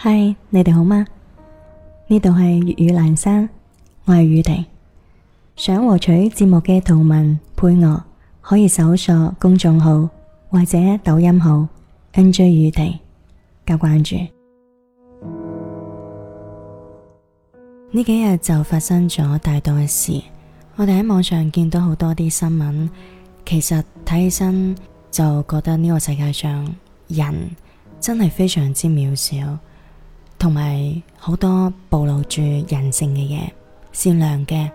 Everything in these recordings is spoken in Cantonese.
嗨，Hi, 你哋好嗎？呢度係粵語闌山，我係宇婷。想獲取節目嘅圖文配樂，可以搜索公眾號或者抖音號 NJ 宇婷加關注。呢幾日就發生咗太多嘅事，我哋喺網上見到好多啲新聞，其實睇起身就覺得呢個世界上人真係非常之渺小。同埋好多暴露住人性嘅嘢，善良嘅、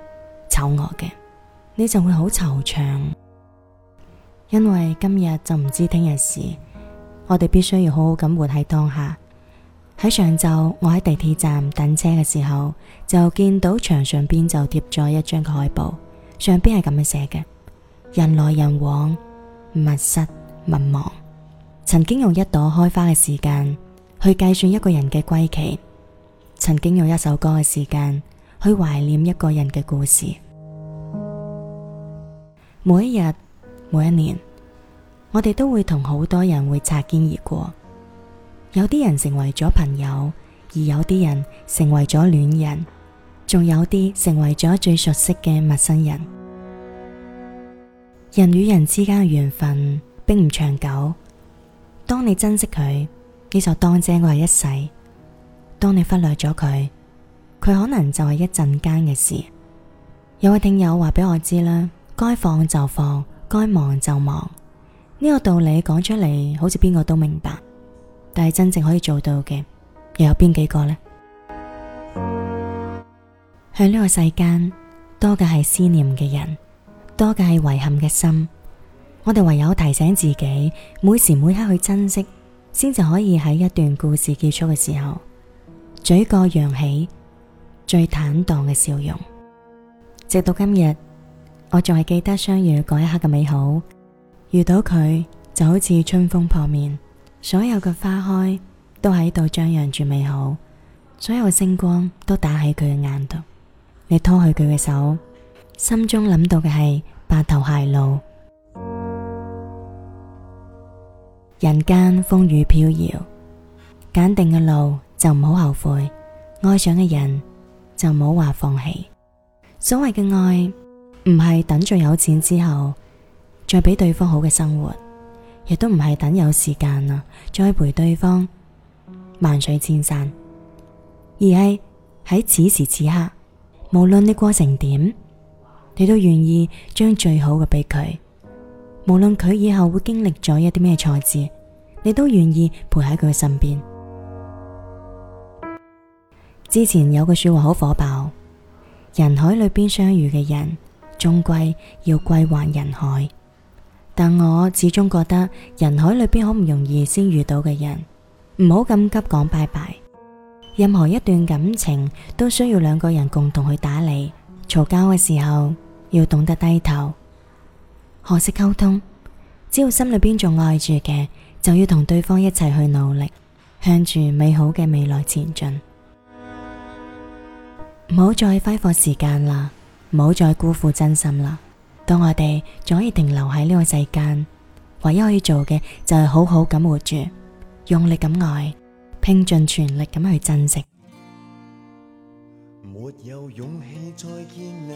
醜惡嘅，你就會好惆悵。因為今日就唔知聽日事，我哋必須要好好咁活喺當下。喺上晝，我喺地鐵站等車嘅時候，就見到牆上邊就貼咗一張海報，上邊係咁樣寫嘅：人來人往，勿失勿忘，曾經用一朵開花嘅時間。去計算一個人嘅歸期，曾經用一首歌嘅時間去懷念一個人嘅故事。每一日，每一年，我哋都會同好多人會擦肩而過。有啲人成為咗朋友，而有啲人成為咗戀人，仲有啲成為咗最熟悉嘅陌生人。人與人之間嘅緣分並唔長久，當你珍惜佢。呢就當真我係一世，當你忽略咗佢，佢可能就係一陣間嘅事。有位聽友話俾我知啦，該放就放，該忘就忘。呢、這個道理講出嚟，好似邊個都明白，但係真正可以做到嘅，又有邊幾個呢？向呢個世間多嘅係思念嘅人，多嘅係遺憾嘅心。我哋唯有提醒自己，每時每刻去珍惜。先就可以喺一段故事結束嘅時候，嘴角揚起最坦蕩嘅笑容。直到今日，我仲係記得相遇嗰一刻嘅美好。遇到佢就好似春風拂面，所有嘅花開都喺度張揚住美好，所有星光都打喺佢嘅眼度。你拖去佢嘅手，心中諗到嘅係白頭偕老。人間風雨飄搖，揀定嘅路就唔好後悔，愛上嘅人就唔好話放棄。所謂嘅愛，唔係等住有錢之後再俾對方好嘅生活，亦都唔係等有時間啦再陪對方萬水千山，而係喺此時此刻，無論你過成點，你都願意將最好嘅俾佢。無論佢以後會經歷咗一啲咩挫折，你都願意陪喺佢嘅身邊。之前有句說話好火爆，人海裏邊相遇嘅人，終歸要歸還人海。但我始終覺得，人海裏邊好唔容易先遇到嘅人，唔好咁急講拜拜。任何一段感情都需要兩個人共同去打理，嘈交嘅時候要懂得低頭。學識溝通，只要心裏邊仲愛住嘅，就要同對方一齊去努力，向住美好嘅未來前進。唔好 再揮霍時間啦，唔好再辜負真心啦。當我哋仲可以停留喺呢個世間，唯一可以做嘅就係好好咁活住，用力咁愛，拼盡全力咁去珍惜。沒有勇氣再見你，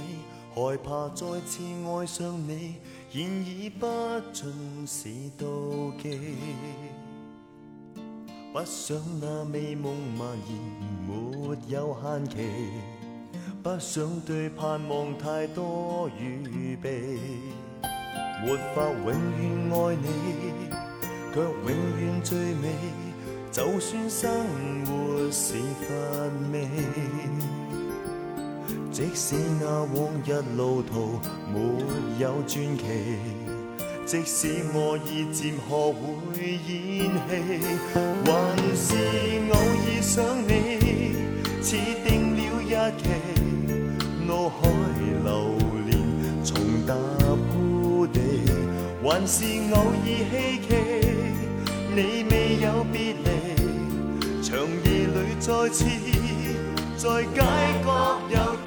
害怕再次愛上你。現已不盡是妒忌， 不想那美夢蔓延沒有限期， 不想對盼望太多預備， 沒法永遠愛你，卻永遠最美。 就算生活。即使那往日路途沒有傳奇，即使我已漸學會演戲，還是偶爾想你，似定了一期，腦海流連重踏故地，還是偶爾希冀你未有別離，長夜裏再次在街角有。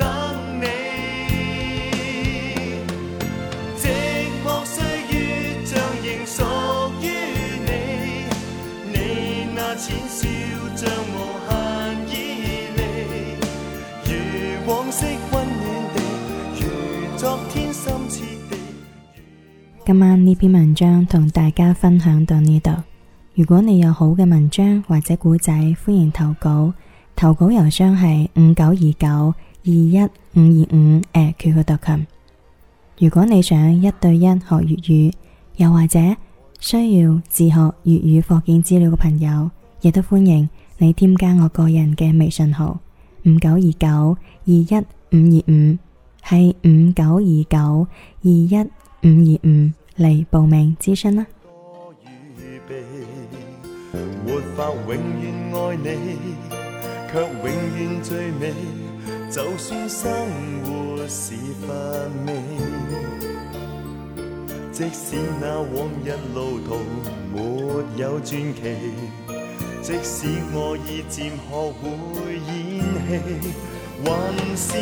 今晚呢篇文章同大家分享到呢度。如果你有好嘅文章或者古仔，歡迎投稿。投稿郵箱係五九二九二一五二五 @qq.com。如果你想一對一學粵語，又或者需要自學粵語課件資料嘅朋友。亦都歡迎你添加我個人嘅微信號五九二九二一五二五，係五九二九二一五二五嚟報名諮詢啦、啊。多預備，沒法永遠愛你，卻永遠最美。就算生活是乏味，即使那往日路途沒有即使我已漸學會演戲，還是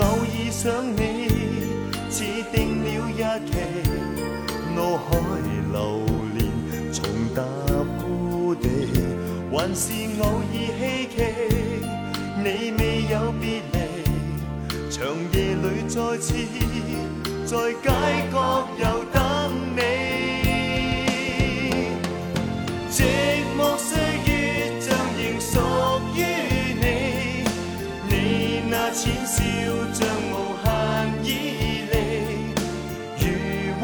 偶爾想你，似定了日期，腦海留連重踏故地，還是偶爾希冀你未有別離，長夜裏再次在街角有。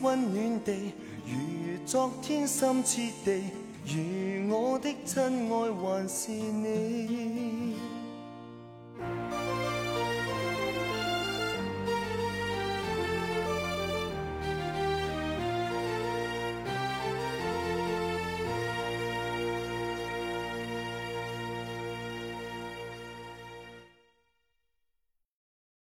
溫暖地，如昨天心切地，如我的真愛，還是你。